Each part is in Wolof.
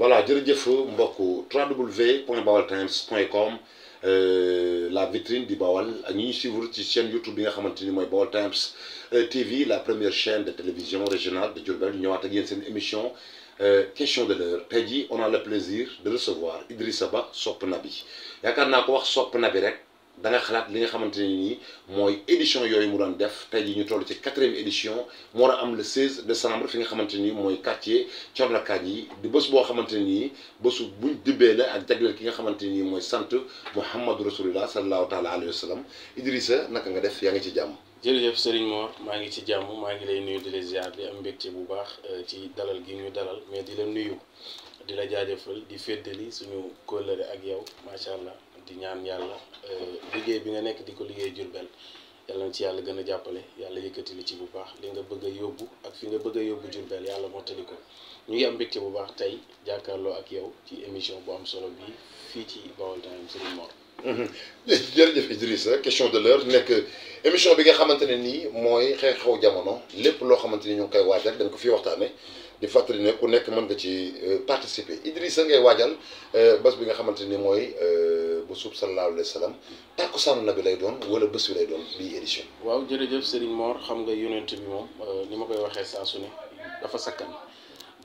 voilà jërëjëf mbokk www point bawal times point com euh, la vitrine di bawal ak ñi ñu suivre ci chaîne YouTube bi nga xamante ni mooy Bawal Times euh, TV la première chaîne de télévision régionale de Diourbel ñëwaat ak yéen seen émission euh, question de l'heure tey jii on a le plaisir de recevoir Idrissa Ba Sopp Nabi yaakaar naa ko wax Sopp Nabi rek. da xalaat li nga xamante ne nii mooy édition yooyu mu doon def tey jii ñu toll ci quatrième édition mu war a am le 16 décembre fi nga xamante nii mooy quartier Thiorlakaat yi di bës boo xamante ne nii bésu buñ dibee la ak jagleel ki nga xamante ne nii mooy sant Mouhamadou Rasulullah sallallahu taala alayhi wa sallam Idrissa naka nga def yaa ngi ci jàmm. jërëjëf Serigne Mor maa ngi ci jàmm maa ngi lay nuyu di la ziar di am mbégte bu baax euh, ci dalal gi ñu dalal mais di la nuyu di la jaajëfal di féddali suñu kóllëre ak yow macha allah. di ñaan yàlla euh, liggéey bi nga nekk di ko liggéey Jurbel yàlla na ci yàlla gën a jàppale yàlla yëkkati li ci bu baax li nga bëgg a yóbbu ak fi nga bëgg a yóbbu Jurbel yàlla mottali ko ñu ngi am mbégte bu baax tey jàkkaarloo ak yow ci émission bu am solo bi fii ci Baol Times Serigne Mor. Mhm. jërëjëf question de l'heure nekk émission bi nga xamante ne nii mooy xew-xew jamono lépp loo xamante ni ñu ngi koy waajal dañ ko fi waxtaane di fàttali ne ku nekk mën nga ci euh, participer Idrissa ngay waajal euh, bés bi nga xamante ni mooy. bu suub sallallahu alayhi wa sallam tàkkusaanu nabi lay doon wala bés bi lay doon bii édition waaw jërëjëf Serigne Mor xam nga yonent bi moom euh, ni ma koy waxee saa su ne dafa sakkan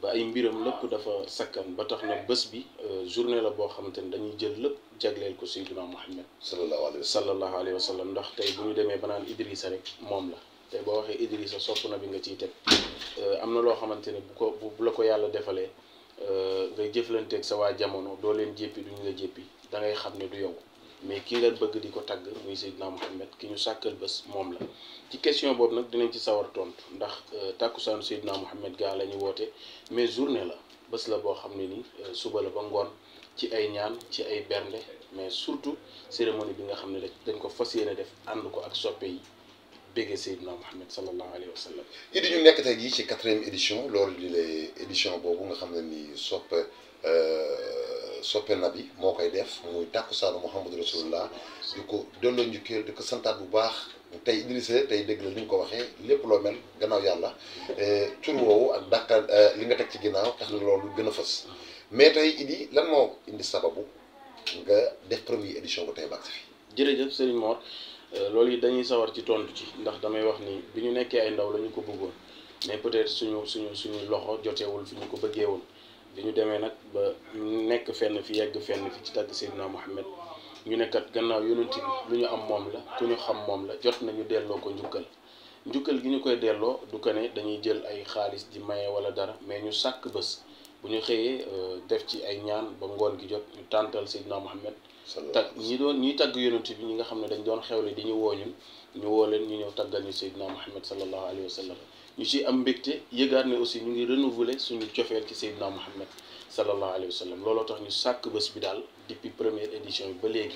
ba ay mbiram lépp dafa sakkan ba tax na bés bi euh, journée la boo xamante ni dañuy jël lépp jagleel ko Seydina Muhammad sallallahu alayhi wa sallam ndax tey bu ñu demee ba naan Idrissa rek moom la tey boo waxee Idrissa sopp na bi nga ciy teg euh, am na loo xamante ne bu ko bu la ko yàlla defalee ngay jëflanteeg sa waa jamono doo leen jéppi duñu la jéppi da ngay xam ne du yow mais kii leen bëgg di ko tagg muy Seydina Mouhamed ki ñu sàkkal bés moom la ci question boobu nag dinañ ci sawar tontu ndax euh, tàkkusaanu Seydina Mouhamed gaa la ñu woote mais journée la bés la boo xam ne ni euh, suba la ba ngoon ci ay ñaan ci ay bernde mais surtout cérémonie bi nga xam ne dañ ko fas yéene def ànd ko ak soppe yi béggee Seydina Mouhamed sallallahu alayhi wa sallam yi nekk tey jii ci quatrième édition loolu di lay boobu nga xam ne nii soppe euh, soppe nabi moo koy def muy tàkkusaanu Muhammadu Rasulullah di ko delloo njukkeel di ko santaat bu baax tey Idrissa tey dégg la ko waxee lépp loo mel gannaaw yàlla cur eh, woowu ak dàkkal eh, li nga teg ci ginnaaw tax na loolu gën a fës mais tey idi lan moo indi sababu nga def première édition ba tey baax fi. jërëjëf Serigne Mor eh, loolu yi dañuy sawar ci tontu ci ndax damay wax ni bi ñu nekkee ay ndaw la ñu ko bëggoon mais peut-être suñu suñu suñu loxo joteewul fi ñu ko bëggee woon. bi ñu demee nag ba nekk fenn fi yegg fenn fi ci tàgg Seydina Muhammad ñu nekkat gannaaw yonent bi lu ñu am moom la ku ñu xam moom la jot nañu delloo ko njukkal njukkal gi ñu koy delloo du ko ne dañuy jël ay xaalis di maye wala dara mais ñu sàkk bés bu ñu xëyee euh, def ci ay ñaan ba ngoon gi jot ñu tàntal Seydina Muhammad tag ñi doon ñuy tagg yonent bi ñi nga xam ne dañ doon xew xewle di ñu woo ñun ñu woo leen ñu ñëw taggal ñu Seydina Muhammad sallallahu alayhi wa sallam ñu si am mbégte yëgaat ne aussi ñu ngi renouveler suñu cofeel ci Seydina Mouhamed sallallahu alayhi wa sallam looloo tax ñu sàkk bés bi daal depuis première édition bi ba léegi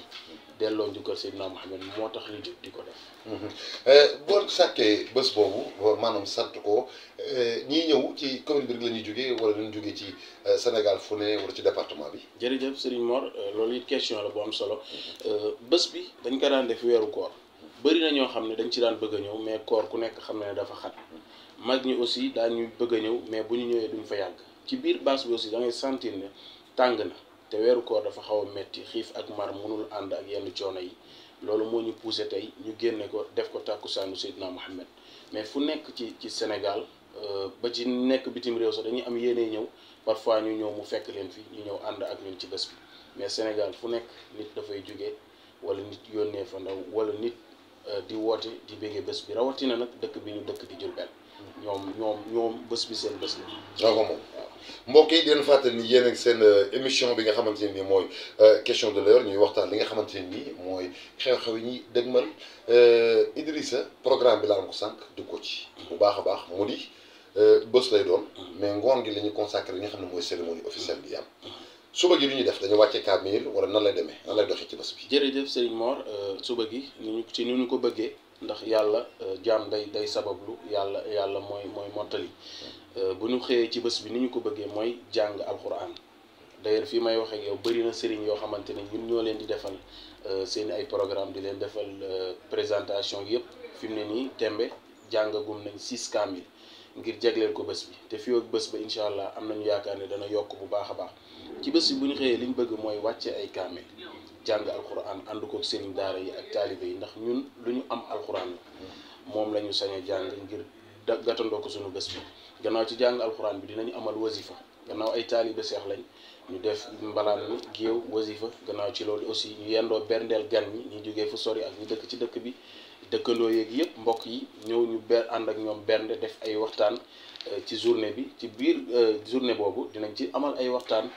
delloo njukkal Seydina Mouhamed moo tax ñu jóg di ko def. Mm-hmm. Euh, boo sàkkee bés boobu euh, maanaam sant ko euh, ñiy ñëw ci commune bi rek la ñuy wala dañu jógee ci Sénégal fu ne ci departement bi. jërëjëf Serigne Mor loolu it question la bu am solo bés bi dañ ko daan def weeru koor bëri na ñoo xam ne dañ ci daan bëgg a ñëw mais koor ku nekk xam ne dafa xat. mag ñi aussi daañu bëgg a ñëw mais bu ñu ñëwee duñu fa yàgg ci biir bâche bi aussi da ngay sentir ne tàng na te weeru koor dafa xaw a metti xiif ak mar mënul ànd ak yenn coono yi loolu moo ñu poussé tey ñu génne ko def ko tàkkusaanu Seydina Mohamed mais fu nekk ci ci Sénégal euh, ba ci nekk bitim réew sax dañuy am yéene ñëw parfois ñu ñëw mu fekk leen fi ñu ñëw ànd ak ñun ci bés bi mais Sénégal fu nekk nit dafay jóge wala nit yónnee fa ndaw wala nit euh, di woote di béggee bés bi rawatina nag dëkk bi ñu dëkk di Jurbel ñoom ñoom ñoom bés bi seen bés bi ñoo ko moom waaw mbokk yi di leen fàttali yéen ak seen euh, émission bi nga xamante ne nii mooy euh, question de l'heure ñuy waxtaan li nga xamante ne nii mooy xew-xew yi ñuy dëgmal euh, Idrissa programme bi laa ko sànq du ko ci. bu baax a baax mu di bés lay doon. mais ngoon gi la ñu consacré xam ne mooy cérémonie officielle bi yam suba gi lu ñuy def dañu wàcce kaamil wala nan lay demee nan lay doxee ci bés bi. jërëjëf Serigne Mor suba gi ni ñu ci ni ñu ko bëggee. ndax yàlla euh, jaam day day sabablu yàlla yàlla mooy mooy mottali euh, bu ñu xëyee ci bés bi ni ñu ko bëggee mooy jàng alxuraan d'ailleurs fii may wax ak yow bëri na sëriñ yoo xamante ne ñun ñoo leen di defal euh, seen ay programme di leen defal présentation yëpp fi mu ne nii tembe jàng jàngagum nañ six kaamil ngir jagleel ko bés bi te fii ak bés ba incha allah am nañu yaakaar ne dana yokk bu baax a baax ci bés bi bu ñu xëyee li ñu bëgg mooy wàcce ay kaamil jàng alxuraan ànd koog seen daara yi ak taalibe yi ndax ñun lu ñu am alxuraan la moom la ñu sañ a jàng ngir gàttandoo ko suñu bés bi gannaaw ci jàng alxuraan bi dinañu amal wasifa gannaaw ay taalibe seex lañ ñu def mbalaan mi géew wasifa gannaaw ci loolu aussi ñu yendoo berndeel gan ñi ñu jógee fu sori ak ñu dëkk ci dëkk bi dëkkandoo yeeg yëpp mbokk yi ñëw ñu ber ànd ak ñoom bernde def ay waxtaan eh, ci journée bi ci biir eh, journée boobu dinañ ci amal ay waxtaan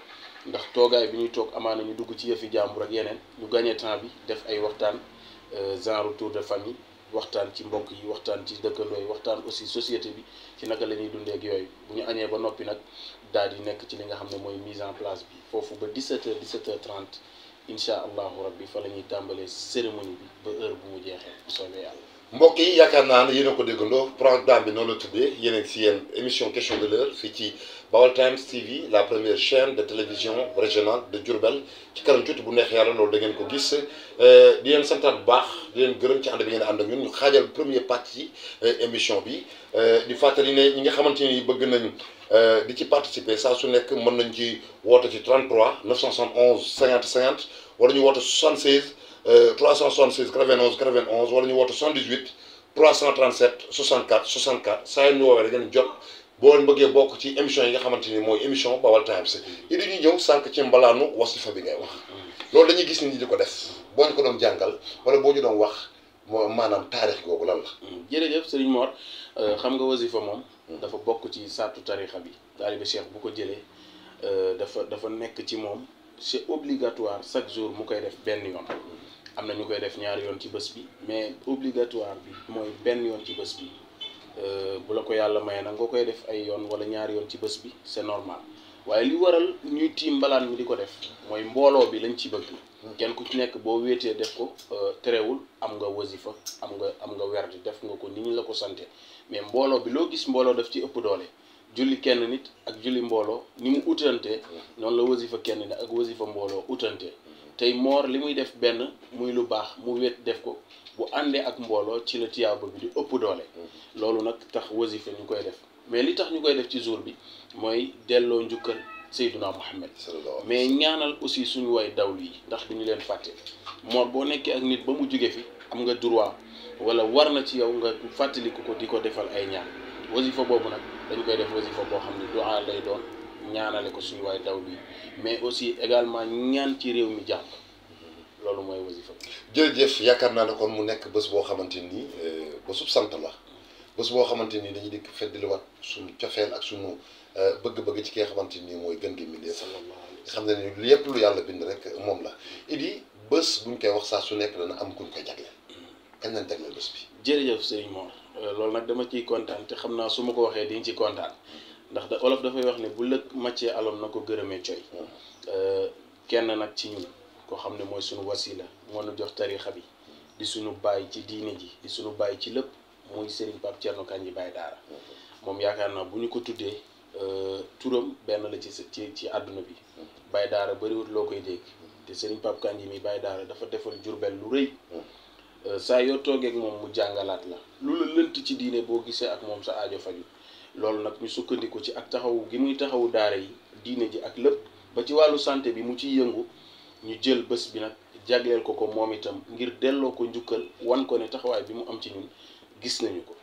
ndax toogaay bi ñuy toog amaana ñu dugg ci yëfi jàmbur ak yeneen ñu gagné temps bi def ay waxtaan euh, genre tour de famille waxtaan ci mbokk yi waxtaan ci dëkkandoo ay waxtaan aussi société bi ci naka la ñuy dundee ak yooyu bu ñu añee ba noppi nag daal di nekk ci li nga xam ne mooy mise en place bi foofu ba 17h 17h30 incha allahu rabbi fa la ñuy tàmbalee cérémonie bi ba heure bu mu jeexee bu yàlla. mbokk yi yaakaar naa ne yéen ko déggandoo programme bi noonu la tuddee yéen émission question de fii ci. Baol Times TV la première chaîne de télévision régionale de Diourbel ci kanam tuuti bu neex yàlla loolu da ko gis euh, di leen santaat bu baax di leen gërëm ci ànd bi ngeen ànd ak ñun ñu xaajal premier partie euh, émission bi euh, di fàttali ne ñi nga xamante ni bëgg nañ di ci participer saa su nekk mën nañ ci woote ci 33 971 50 wala ñu woote 76 376 91 91 wala ñu woote 78 337 64 64 saa yu ñu woowee da ngeen jot. boo leen bëggee bokk ci émission yi nga xamante ni mooy émission Baol Times yi di ñu ñëw sànq ci mbalaanu wasifa bi ngay wax loolu dañuy gis ni ñi di ko def boo ñu ko doon jàngal wala boo ñu doon wax moo maanaam taarix googu lan la. jërëjëf sëriñ Mor euh, xam nga wasifa moom. dafa bokk ci sàttu tarixa bi. taalibe cheikh bu ko jëlee euh, dafa dafa nekk ci moom si obligatoire chaque jour mu koy def benn yoon. am na ñu koy def ñaari yoon ci bés bi mais obligatoire bi mooy benn yoon ci bés bi. Euh, bu la ko yàlla maye na ngoo koy def ay yoon wala ñaari yoon ci bés bi c'est normal waaye li waral ñuy tiim mbalaan mi di ko def mooy mbooloo bi lañ ci bëgg kenn ku ci nekk boo wéetee def ko euh, terewul am nga wasifa am nga am nga werdi def nga ko ni ñu la ko sante mais mbooloo bi loo gis mbooloo def ci ëpp doole julli kenn nit ak julli mbooloo ni mu utantee noonu la wasifa kenn nit ak wasifa mbooloo utantee tey moor li muy def benn muy lu baax mu wéet def ko bu àndee ak mbooloo ci la tiyaaba bi di ëpp doole mm-hmm. loolu nag tax wasifa ñu koy def mais li tax ñu koy def ci jour bi mooy delloo njukkal Seyduna Muhammad mais ñaanal aussi suñu way dawlu yi ndax ñu leen fàtte moo boo nekkee ak nit ba mu jóge fi am nga droit wala war na ci yow nga fàttaliku ko di ko defal ay ñaan wasifa boobu nag dañ koy def wasifa boo xam ne du'a lay doon ñaanale ko suñu waay dawlu yi mais aussi également ñaan ci réew mi jàpp loolu mooy wasifa jërëjëf yaakaar naa ne kon mu nekk bés boo xamante ni euh, bésub sant la bés boo xamante ni dañuy dikk feddaliwaat suñu cofeel ak suñu euh, bëgg-bëgg ci ki nga xamante ni mooy gën gi mbindee sax xam ne ni lépp yàlla bind rek moom la idi bés buñ koy wax saa su nekk dana am kuñ koy jagleel kañ lañ jagleel bés euh, loolu nag dama ciy kontaan te xam naa su ma ko waxee diñ ci kontaan ndax da olof dafay wax ne bu lëg màccee alom na ko gërëmee coy hmm. kenn nag ci ñun koo xam ne mooy suñu wasila moo nu jox tarixa bi di suñu bàyyi ci diini ji di suñu bàyyi ci lépp muy Serigne Pape Thierno Kandji Baye Daara moom yaakaar naa bu ñu ko tuddee euh, turam benn la ci ci ci àdduna bi Baye Daara bëriwut loo koy dégg te Serigne Pape Kandji mi Baye Daara dafa defal Jurbel lu rëy euh, saa yoo toogeek moom mu jàngalaat la lu la lënt ci diine boo gisee ak moom sa aajo faju loolu nag ñu sukkandiku ci ak taxawu gi muy taxawu daara yi diine ji ak lépp ba ci wàllu santé bi mu ciy yëngu ñu jël bës bi nag jagleel ko ko moom itam ngir delloo ko njukkal wan ko ne taxawaay bi mu am ci ñun gis nañu ko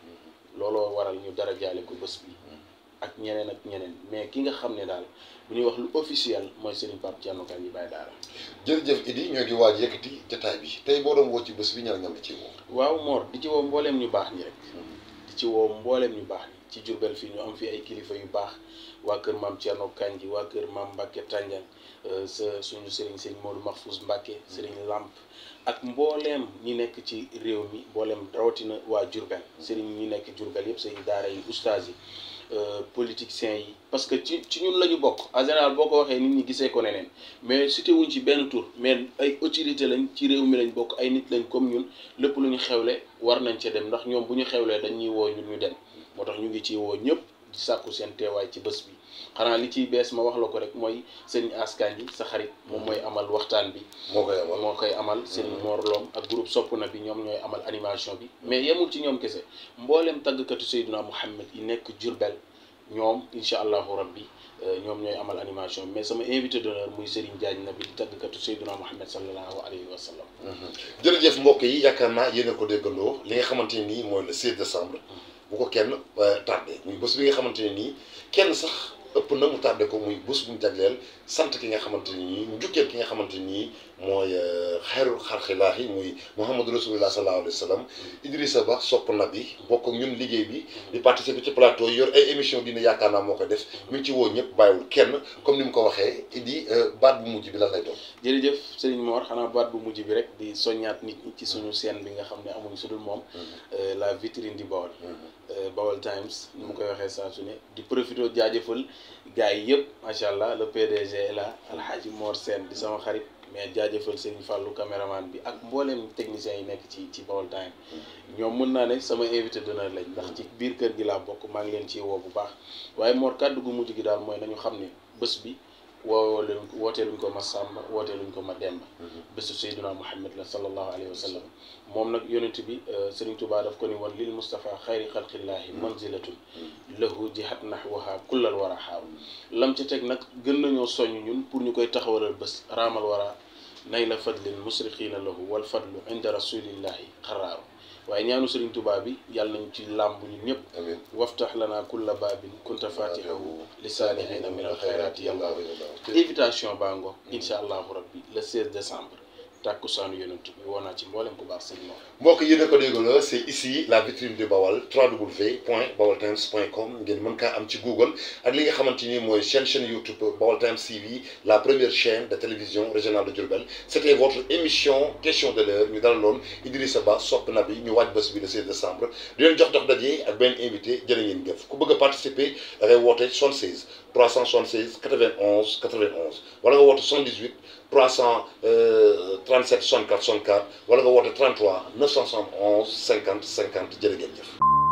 looloo waral ñu dara jaale ko bés bi ak ñeneen ak ñeneen mais ki nga xam ne daal bu ñuy wax lu officiel mooy Serigne Pape ñi Kandji Baye Dara. jërëjëf Idi ñoo ngi waaj yëkkati jataay bi tey boo doon woo ci bés bi ñaar nga ci woo. waaw Mor di ci woo mbooleem ñu baax ñi rek. ci woo mbooleem ñu baax ci Jurbel fii ñu am fi ay kilifa yu baax waa kër maam Thierno Kandji waa kër maam Mbacke Tandian euh, sa suñu sëriñ sëriñ Modou Mahfouz Mbacke sëriñ làmp ak mbooleem ñi nekk ci réew mi mbooleem rawatina waa Jurbel sëriñ ñu nekk Jurbel yëpp sëriñ daara yi ustaas yi Euh, politiciens yi parce que ci ci ñun la ñu bokk en boo ko waxee nit ñi gisee ko neneen mais cité wuñ ci benn tur mais ay autorité lañ ci réew mi lañ bokk ay nit lañ comme ñun lépp lu ñu xewle war nañ ca dem ndax ñoom bu ñu xewlee dañ ñuy woo ñun ñu dem moo tax ñu ngi ci woo ñëpp ci sàkku seen teewaay ci bës bi xanaa li ciy bees ma wax la ko rek mooy seen askan yi sa xarit moom mooy amal waxtaan bi moo koy amal moo koy amal sëñ mm. Mor ak groupe sopp na bi ñoom ñooy amal animation bi mais yemul ci ñoom kese mbooleem tàggkatu Seydina Mouhamed yi nekk Jurbel ñoom incha allahu rabbi euh, ñoom ñooy amal animation mais sama invité d'honneur muy Serigne Diagne na bi di tàggkatu Seydina Mouhamed sallallahu alayhi wa sallam mm-hmm. jërëjëf mbokk yi yaakaar naa yéen ko déggandoo li nga xamante ni mooy la 16 décembre mm. bu ko kenn euh, tardé muy bés bi nga xamante ne nii kenn sax ëpp na mu tardé ko muy bés bu ñu jagleel sant ki nga xamante ne nii njukkeel ki nga xamante nii mooy euh, xayrul xarxilaahi muy Muhammadu Rasulullah sallallahu alayhi wa sallam Idrissa Ba sopp na bi bokk ak ñun liggéey bi di participer ci plateau yor ay émission dina yaakaar naa moo ko def mi ngi ci woo ñëpp bàyyiwul kenn comme ni mu ko waxee Idi euh, baat bu mujj bi la lay doon. jërëjëf Serigne Mor xanaa baat bu mujj bi rek di soññaat nit ñi ci suñu scène bi nga xam ne amuñu sudul moom mm-hmm. la vitrine di Baol mm-hmm. Euh, Baol Times nu mu koy waxee saa su ne di profité jaajëfal gars yi yëpp macha allah le PDG la Alhaji Mor Sène di sama xarit mais jaajëfal seen Fallou caméraman bi ak mbooleem techniciens yi nekk ci ci Baol ñoom mun naa ne sama invité d'honneur lañ ndax ci biir kër gi laa bokk maa ngi leen ciy woo bu baax waaye Mor kàdd gu mujj gi daal mooy nañu xam ne bés bi. wooleeluñ ko wooteeluñ ko ma sàmba wooteeluñ ko ma demba mm-hmm. bésu sayduna muhammad la sallallahu alayhi wa sallam moom nag yonent bi euh, sëriñ tubaa daf ko ni woon lil mustapha xayri xalqillaahi mm-hmm. manzilatun lahu jihat nahwaha kullal wara xaaw mm-hmm. lam ci teg nag gën nañoo soññ ñun pour ñu koy taxawalal bés raamal wara nay la fadlin musrixiina lahu wal fadlu inda rasulillahi xaraaru waaye ñaanu Serigne Touba bi yàlla nañ ci làmb ñun ñëpp waftax lana kulla baabin kunta fatihahu li saalihiina min al xayraati yàlla invitation baa ngo incha allahu rabbi le 16 décembre tàkkusaanu yonent bi woo naa ci mboolem bu baax sëñ Mor. mbokk yi ne ko déggoo c'est ici la vitrine du Baol www.baoltimes.com ngeen mën kaa am ci Google ak li nga xamante ni mooy chaîne chaîne YouTube Baol Times TV la première chaîne de télévision régionale de Diourbel c'était votre émission question de l'heure ñu dalaloon Idrissa Ba sopp na bi ñu waaj bés bi le 16 décembre di leen jox dox daje ak benn invité jërë ngeen jëf ku bëgg a 37 64 64 wala nga woote 33 971 50 50 jërë ngeen jëf.